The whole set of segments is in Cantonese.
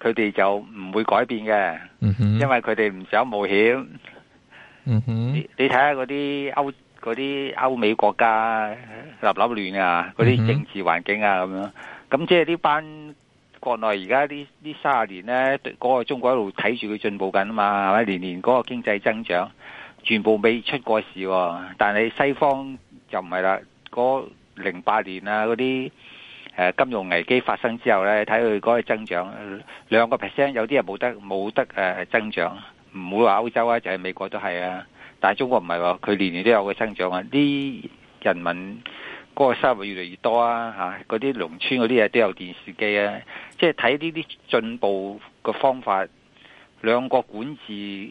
佢哋就唔會改變嘅、嗯，因為佢哋唔想冒險、嗯。你睇下嗰啲歐嗰啲歐美國家立立亂啊，嗰啲政治環境啊咁樣。咁即係呢班國內而家呢呢三十年呢，嗰個中國一路睇住佢進步緊啊嘛，係咪？年年嗰個經濟增長全部未出過事、啊，但係西方就唔係啦，嗰零八年啊嗰啲。那些誒金融危機發生之後咧，睇佢嗰個增長兩個 percent，有啲人冇得冇得誒增長，唔會話歐洲啊，就係美國都係啊，但係中國唔係喎，佢年年都有個增長啊！啲人民嗰個收入越嚟越多啊嚇，嗰啲農村嗰啲嘢都有電視機啊，即係睇呢啲進步嘅方法，兩國管治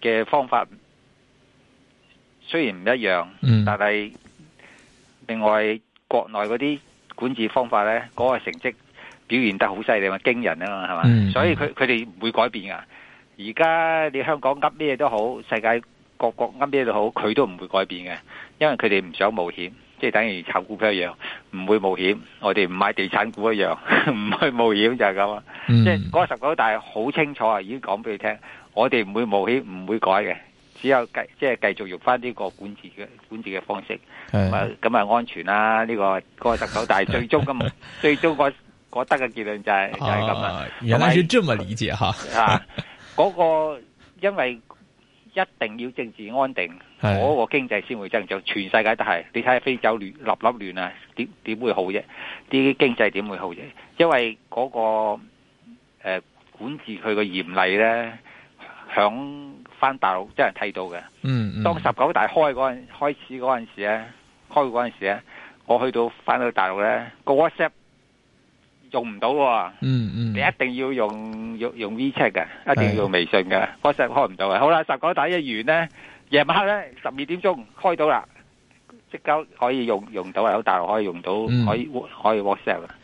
嘅方法雖然唔一樣，但係另外國內嗰啲。管治方法呢，嗰個成績表現得好犀利啊，驚人啊嘛，係嘛？所以佢佢哋唔會改變噶。而家你香港噏咩都好，世界各國噏咩都好，佢都唔會改變嘅，因為佢哋唔想冒險，即係等於炒股票一樣，唔會冒險。我哋唔買地產股一樣，唔去冒險就係咁。即係嗰個十九大好清楚啊，已經講俾你聽，我哋唔會冒險，唔會改嘅。只有繼即係繼續用翻呢個管治嘅管治嘅方式，咁啊咁啊安全啦！呢個個十九大最終咁最終個個得嘅結論就係就係咁啊！原來是這麼理解哈！嗰個因為一定要政治安定，嗰個經濟先會增長。全世界都係，你睇下非洲亂立立亂啊，點點會好啫？啲經濟點會好啫？因為嗰個誒管治佢嘅嚴厲咧。響翻大陸真係睇到嘅，嗯嗯，當十九大開嗰，那，陣，個，開始嗰陣時咧，開嗰陣時咧，我去到翻到大陸咧，個 WhatsApp 用唔到啊，嗯嗯，你一定要用用 WeChat 嘅，一定要用微信嘅，WhatsApp 開唔到嘅。好啦，十九大一完咧，夜晚咧十二點鐘開到啦，即刻可以用用到，喺大陸可以用到，嗯，可以可以 WhatsApp。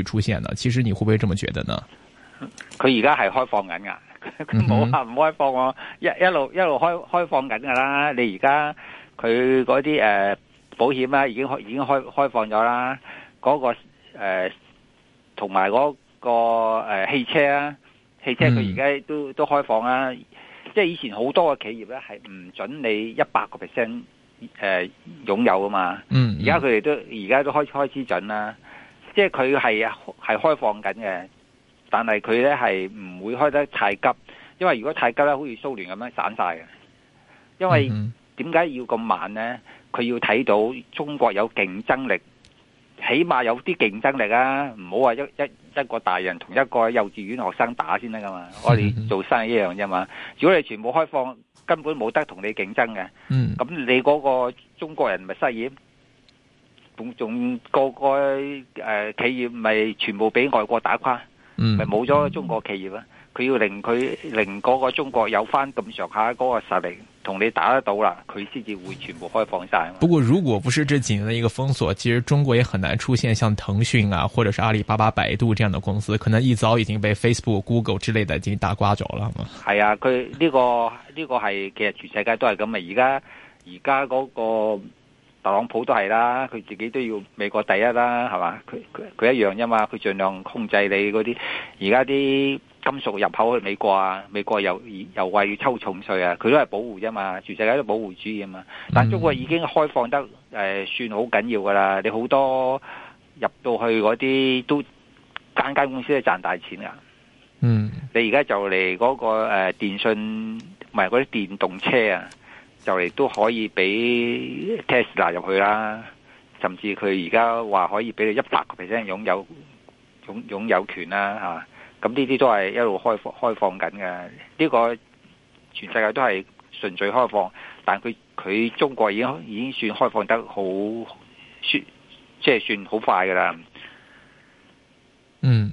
出現嘅，其實你會不會這麼覺得呢？佢而家係開放緊噶，佢冇話唔開放喎。嗯，一一路一路開開放緊噶啦。你而家佢嗰啲，誒保險啊，已經開已經開開放咗啦。嗰，那個誒同埋嗰個誒，呃，汽車啊，汽車佢而家都，嗯，都開放啦。即係以前好多嘅企業咧係唔准你一百個 percent 誒擁有噶嘛。嗯，嗯，而家佢哋都而家都開開始准啦。即係佢係係開放緊嘅，但係佢咧係唔會開得太急，因為如果太急咧，好似蘇聯咁樣散晒嘅。因為點解要咁慢咧？佢要睇到中國有競爭力，起碼有啲競爭力啊！唔好話一一一個大人同一個幼稚園學生打先得噶嘛。我哋做生意一樣啫嘛。如果你全部開放，根本冇得同你競爭嘅。咁你嗰個中國人咪失業？仲仲個個、呃、企業咪全部俾外國打垮，咪冇咗中國企業啊！佢、嗯、要令佢令嗰個中國有翻咁上下嗰個實力，同你打得到啦，佢先至會全部開放晒。不過，如果不是這幾年嘅一個封鎖，其實中國也很難出現像騰訊啊，或者是阿里巴巴、百度這樣的公司，可能一早已經被 Facebook、Google 之類的已經打垮咗啦嘛。係啊，佢呢、這個呢、這個係其實全世界都係咁啊！而家而家嗰個。特朗普都係啦，佢自己都要美國第一啦，係嘛？佢佢一樣啫嘛，佢盡量控制你嗰啲而家啲金屬入口去美國啊，美國又又話要抽重稅啊，佢都係保護啫嘛，全世界都保護主義啊嘛。但中國已經開放得、呃、算好緊要㗎啦，你好多入到去嗰啲都間間公司都賺大錢啊。嗯，你而家就嚟嗰、嗰個、呃、電訊，唔係嗰啲電動車啊。就嚟都可以俾 Tesla 入去啦，甚至佢而家話可以俾佢一百個 percent 擁有擁擁有權啦，吓咁呢啲都係一路開放開放緊嘅，呢個全世界都係純粹開放，但佢佢中國已經已經算開放得好算即係算好快噶啦，嗯。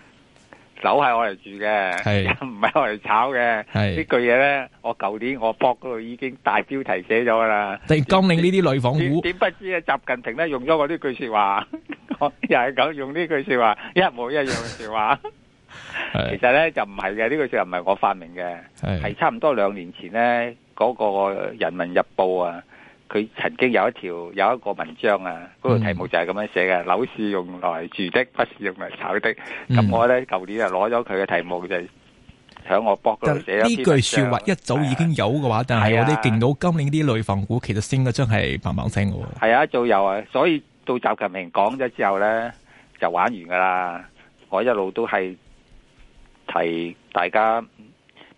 樓係我嚟住嘅，係又唔係我嚟炒嘅？係呢句嘢咧，我舊年我博嗰度已經大標題寫咗啦。你今年呢啲內房股，點不知啊？習近平咧用咗我呢句說話， 又係咁用呢句說話，一模一樣嘅說話。其實咧就唔係嘅，呢句說話就唔係我發明嘅，係差唔多兩年前咧嗰個《人民日報》啊。佢曾經有一條有一個文章啊，嗰個題目就係咁樣寫嘅，樓是用嚟住的，不是用嚟炒的。咁我咧舊年就攞咗佢嘅題目就響我 blog 嗰度寫。呢句説話一早已經有嘅話，但係我哋見到今年啲內房股其實升得真係嘭嘭聲嘅。係啊，早有啊，所以到習近平講咗之後咧，就玩完噶啦。我一路都係提大家。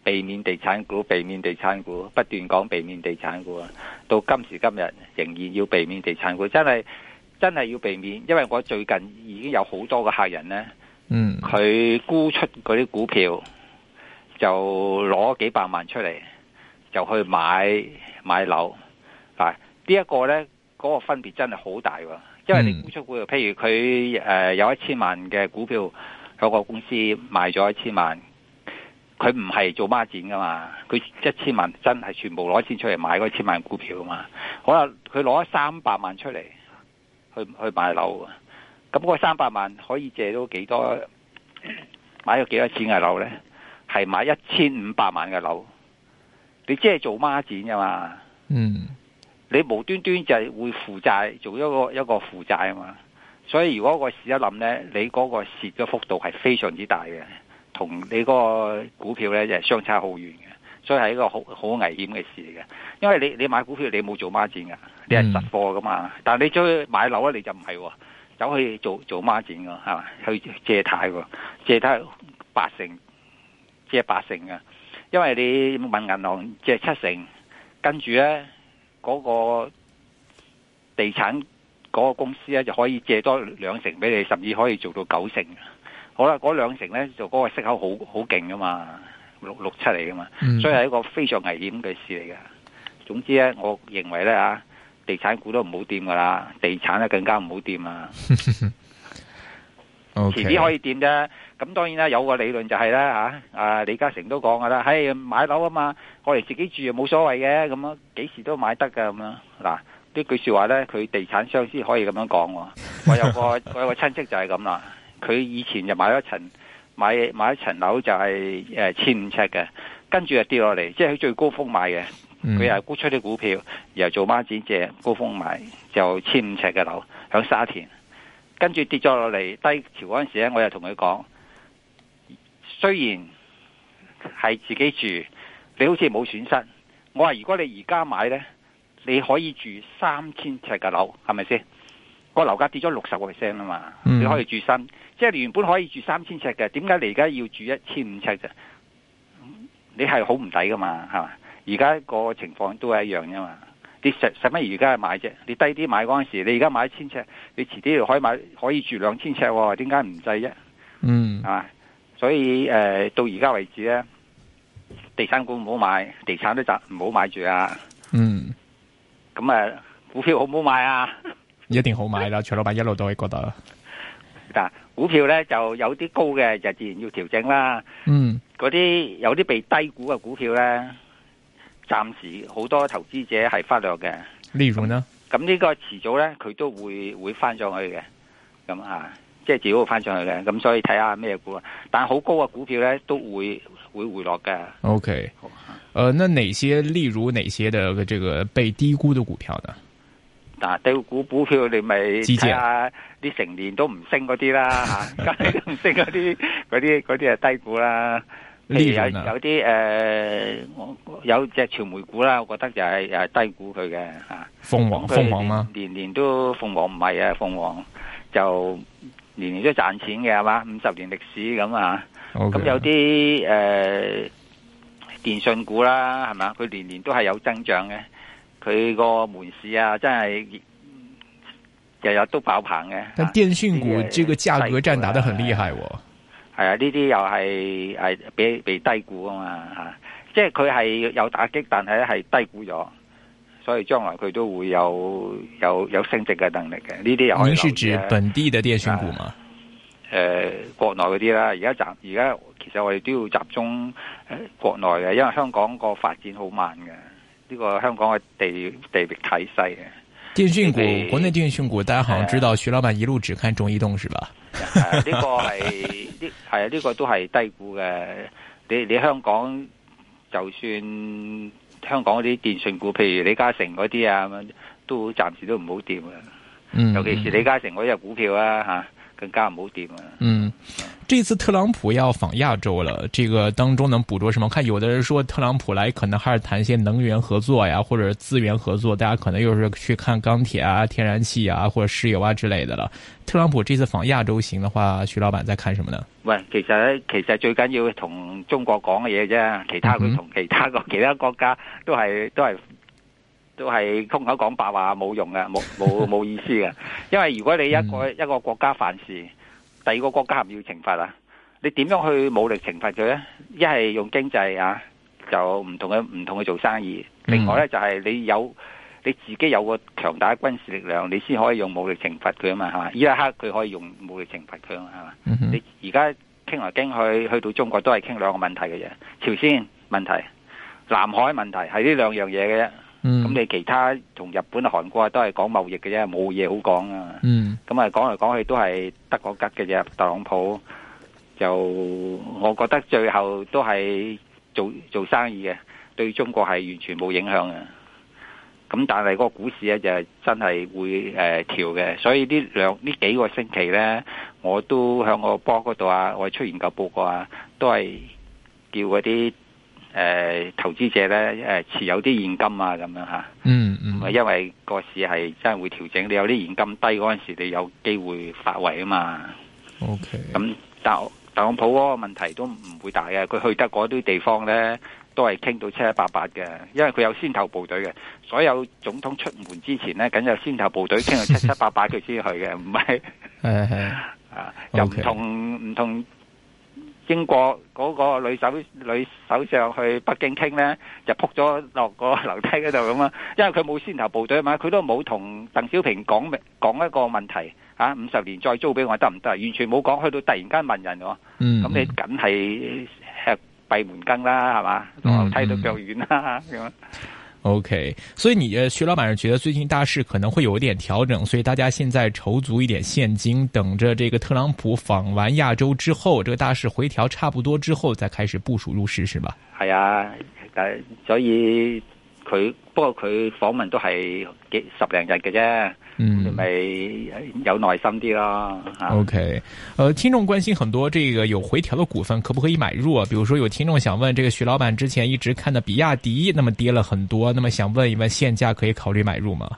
避免地產股，避免地產股，不斷講避免地產股，到今時今日仍然要避免地產股，真係真係要避免，因為我最近已經有好多嘅客人呢，嗯，佢沽出嗰啲股票就攞幾百萬出嚟，就去買買樓，嗱，呢一個呢，嗰個分別真係好大，因為你沽出股票，譬如佢誒有一千萬嘅股票，有個公司賣咗一千萬。佢唔係做孖展噶嘛？佢一千萬真係全部攞錢出嚟買嗰一千萬股票啊嘛！好啦，佢攞咗三百萬出嚟去去買樓，咁嗰三百萬可以借到幾多買咗幾多錢嘅樓呢？係買一千五百萬嘅樓。你即係做孖展噶嘛？嗯，你無端端就係會負債，做一個一個負債啊嘛。所以如果我試一諗呢，你嗰個蝕嘅幅度係非常之大嘅。同你嗰個股票咧，就係相差好遠嘅，所以係一個好好危險嘅事嚟嘅。因為你你買股票，你冇做孖展㗎，你係實貨噶嘛、嗯。但你走去買樓咧，你就唔係、哦，走去做做孖展㗎嘛，去借貸，借貸八成，借八成嘅。因為你問銀行借七成，跟住咧嗰個地產嗰個公司咧就可以借多兩成俾你，甚至可以做到九成。好啦，嗰兩成咧就嗰個息口好好勁噶嘛，六六七嚟噶嘛，所以係一個非常危險嘅事嚟噶。總之咧，我認為咧啊，地產股都唔好掂噶啦，地產咧更加唔好掂啊。遲啲可以掂啫，咁當然啦，有個理論就係啦吓，啊李嘉誠都講噶啦，喺買樓啊嘛，我嚟自己住又冇所謂嘅，咁樣幾時都買得噶咁樣。嗱，呢句說話咧，佢地產商先可以咁樣講。我有個我有個親戚就係咁啦。佢以前就買一層買買一層樓就係千五尺嘅，跟住就跌落嚟，即係佢最高峰買嘅。佢又沽出啲股票，又做孖展借，高峰買就千五尺嘅樓喺沙田。跟住跌咗落嚟，低潮嗰陣時咧，我又同佢講，雖然係自己住，你好似冇損失。我話如果你而家買咧，你可以住三千尺嘅樓，係咪先？個樓價跌咗六十個 percent 啊嘛，你可以住新。即係你原本可以住三千尺嘅，點解你而家要住一千五尺啫？你係好唔抵噶嘛？係嘛？而家個情況都係一樣啫嘛？你使使乜而家買啫？你低啲買嗰陣時，你而家買一千尺，你遲啲又可以買，可以住兩千尺，哦。點解唔制啫？嗯，係嘛？所以誒、呃，到而家為止咧，地產股唔好買，地產都唔好買住啊。嗯。咁誒，股票好唔好買啊？一定好買啦！徐 老闆一路都可以覺得啦。但股票咧就有啲高嘅就自然要調整啦。嗯，嗰啲有啲被低估嘅股票咧，暫時好多投資者係忽略嘅。如呢款啦，咁，嗯，呢個遲早咧佢都會會翻上去嘅。咁，嗯，啊，即係自己會翻上去嘅。咁，嗯，所以睇下咩股啊。但係好高嘅股票咧都會會回落嘅。OK，誒，那哪些，例如哪些的這個被低估的股票呢？嗱、啊，低股股票你咪睇下啲成年都唔升嗰啲啦，吓， 都唔升嗰啲嗰啲嗰啲係低股啦。例如有例如、啊、有啲誒，我、呃、有隻傳媒股啦，我覺得就係誒低估佢嘅吓，鳳凰，鳳凰嗎、啊？年年都鳳凰唔係啊，鳳凰就年年都賺錢嘅係嘛？五十年歷史咁啊，咁、okay。有啲誒、呃、電信股啦，係嘛？佢年年都係有增長嘅。佢個門市啊，真係日日都爆棚嘅。但電訊股呢個價格戰打得很厲害喎。係啊，呢啲、啊、又係係被被低估嘛啊嘛吓，即係佢係有打擊，但係咧係低估咗，所以將來佢都會有有有升值嘅能力嘅。呢啲又可以、啊、是指本地的電訊股嗎？誒、呃呃，國內嗰啲啦，而家而家其實我哋都要集中誒國內嘅，因為香港個發展好慢嘅。呢、這個香港嘅地地勢嘅，電信股國內電信股，大家好像知道、啊，徐老闆一路只看中移動是吧？呢個係，係啊，呢、這個 這個都係低估嘅。你你香港就算香港嗰啲電信股，譬如李嘉誠嗰啲啊，都暫時都唔好掂。嘅、嗯。尤其是李嘉誠嗰隻股票啊，吓、嗯。啊更加唔好掂啊！嗯，這次特朗普要訪亞洲了，這個當中能捕捉什麼？看，有的人說特朗普來可能還是談一些能源合作呀，或者資源合作，大家可能又是去看鋼鐵啊、天然氣啊或者石油啊之類的了。特朗普這次訪亞洲行的話，徐老闆在看什麼呢？喂，其實咧，其實最緊要同中國講嘅嘢啫，其他佢同其他個、嗯、其他國家都係都係。都係空口講白話冇用嘅，冇冇冇意思嘅。因為如果你一個 一個國家犯事，第二個國家係咪要懲罰啊？你點樣去武力懲罰佢呢？一係用經濟啊，就唔同嘅唔同嘅做生意。另外呢，就係、是、你有你自己有個強大嘅軍事力量，你先可以用武力懲罰佢啊嘛，係嘛？伊拉克佢可以用武力懲罰佢啊嘛，係嘛？ 你而家傾來傾去去到中國都係傾兩個問題嘅嘢，朝鮮問題、南海問題，係呢兩樣嘢嘅。咁、嗯、你其他同日本、韓國啊都係講貿易嘅啫，冇嘢好講啊。咁、嗯、啊，講嚟講去都係得個吉嘅啫。特朗普就我覺得最後都係做做生意嘅，對中國係完全冇影響啊。咁但係嗰個股市咧就真係會誒、呃、調嘅，所以呢兩呢幾個星期咧，我都喺我 blog 嗰度啊，我哋出研究報告啊，都係叫嗰啲。誒、嗯嗯、投資者咧誒持有啲現金啊咁樣嗯嗯，啊、嗯、因為個市係真係會調整，你有啲現金低嗰陣時，你有機會發圍啊嘛。O K. 咁但特朗普嗰個問題都唔會大嘅，佢去得嗰啲地方咧都係傾到七七八八嘅，因為佢有先頭部隊嘅。所有總統出門之前咧，梗有先頭部隊傾到七七八八佢 先去嘅，唔係係啊， 係係係 okay. 又唔同唔同。Okay. 英國嗰個女首女首相去北京傾呢，就撲咗落個樓梯嗰度咁啊！因為佢冇先頭部隊嘛，佢都冇同鄧小平講明講一個問題吓，五十年再租俾我得唔得？完全冇講，去到突然間問人喎、啊，咁、嗯嗯、你梗係吃閉門羹啦，係嘛？落樓梯都腳軟啦嗯嗯 O、okay, K，所以你徐老闆是覺得最近大市可能會有一點調整，所以大家現在籌足一點現金，等着這個特朗普訪完亞洲之後，這個大市回調差不多之後，再開始部署入市，是吧？係啊，所以佢不過佢訪問都係幾十零日嘅啫。嗯，你咪有耐心啲咯。OK，呃，聽眾關心很多，這個有回調的股份可不可以買入啊？比如說有聽眾想問，這個徐老闆之前一直看的比亞迪，那麼跌了很多，那麼想問一問，現價可以考慮買入嗎？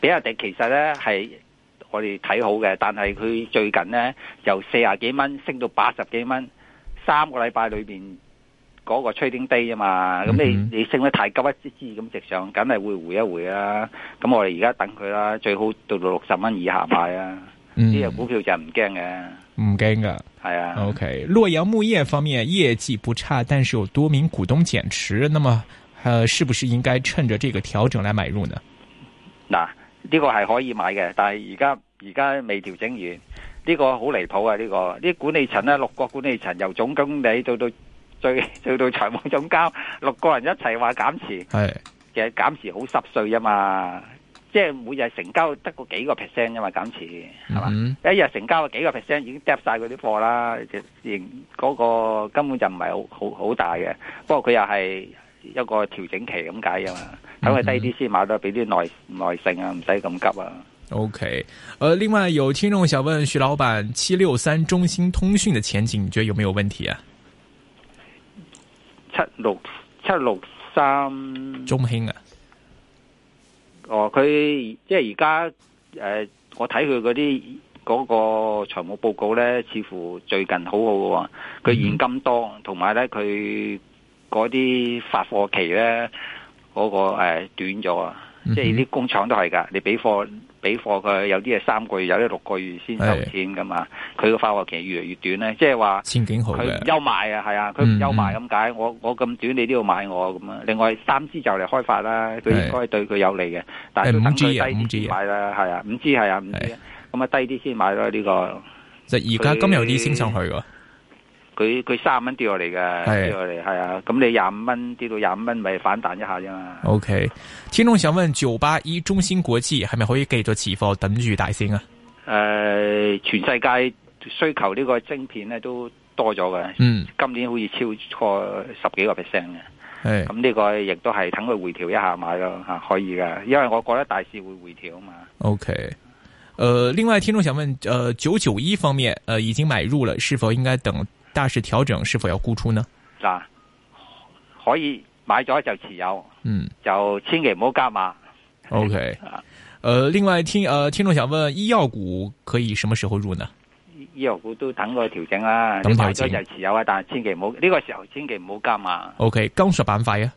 比亞迪其實呢係我哋睇好嘅，但係佢最近呢由四十幾蚊升到八十幾蚊，三個禮拜裏邊。嗰、那個 trading day 啊嘛，咁你、嗯、你升得太急一支支咁直上，梗係會回一回啦、啊。咁我哋而家等佢啦，最好到到六十蚊以下買啊。呢、嗯、隻、這個、股票就唔驚嘅，唔驚噶，係啊。O、okay. K，洛陽牧業方面業績不差，但是有多名股東減持，那麼，呃，是不是應該趁着這個調整嚟買入呢？嗱，呢個係可以買嘅，但係而家而家未調整完，呢、這個好離譜啊！呢、這個啲管理層咧，六國管理層由總經理到到。最做到財務總監，六個人一齊話減持，Hey. 其實減持好濕碎啊嘛，即係每日成交得個幾個 percent 啫嘛，減持係嘛，mm -hmm. 一日成交個幾個 percent 已經掉曬嗰啲貨啦，連、那、嗰個根本就唔係好好好大嘅。不過佢又係一個調整期咁解啊嘛，等、mm、佢 -hmm. 低啲先買到，俾啲耐耐性啊，唔使咁急啊。OK，誒、呃，另外有聽眾想問徐老闆，七六三中興通訊嘅前景，你覺得有冇有問題啊？七六七六三中興啊！哦，佢即係而家誒，我睇佢嗰啲嗰個財務報告咧，似乎最近好好嘅喎。佢現金多，同埋咧佢嗰啲發貨期咧嗰個誒、呃、短咗啊！嗯、即係啲工廠都係噶，你俾貨俾貨佢，有啲係三個月，有啲六個月先收錢㗎嘛。佢個發貨期越嚟越短咧，即係話前景好嘅。佢唔憂賣啊，係啊，佢唔憂賣咁解、嗯嗯。我我咁短你都要買我咁啊。另外三支就嚟開發啦，佢應該對佢有利嘅。但係等佢低啲買啦，係啊，五支係啊，五支咁啊，低啲先買咯呢、這個。就而家今日有啲升上去噶。佢佢三十蚊跌落嚟噶，跌落嚟係啊。咁、嗯、你廿五蚊跌到廿五蚊，咪反彈一下啫嘛。O、okay, K，聽眾想問九八一中芯國際係咪可以繼續持貨等住大市啊？誒、呃，全世界需求呢個晶片咧都多咗嘅。嗯，今年好似超過十幾個 percent 嘅。係咁呢個亦都係等佢回調一下買咯吓，可以噶，因為我覺得大市會回調啊嘛。O K，誒，另外聽眾想問，誒九九一方面，誒、呃、已經買入了，是否應該等？大市調整是否要沽出呢？嗱，可以買咗就持有，嗯，就千祈唔好加碼。O K，呃，另外聽，呃，聽眾想問，醫藥股可以什麼時候入呢？醫藥股都等佢調整啦、啊，等佢調整就持有啊，但係千祈唔好呢個時候千，千祈唔好加碼。O K，金屬板塊啊？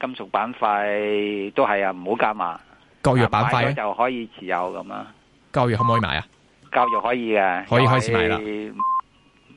金屬板塊都係啊，唔好加碼。教育板塊就可以持有咁啊。教育、啊、可唔可以買啊？教育可以嘅，可以開始買啦。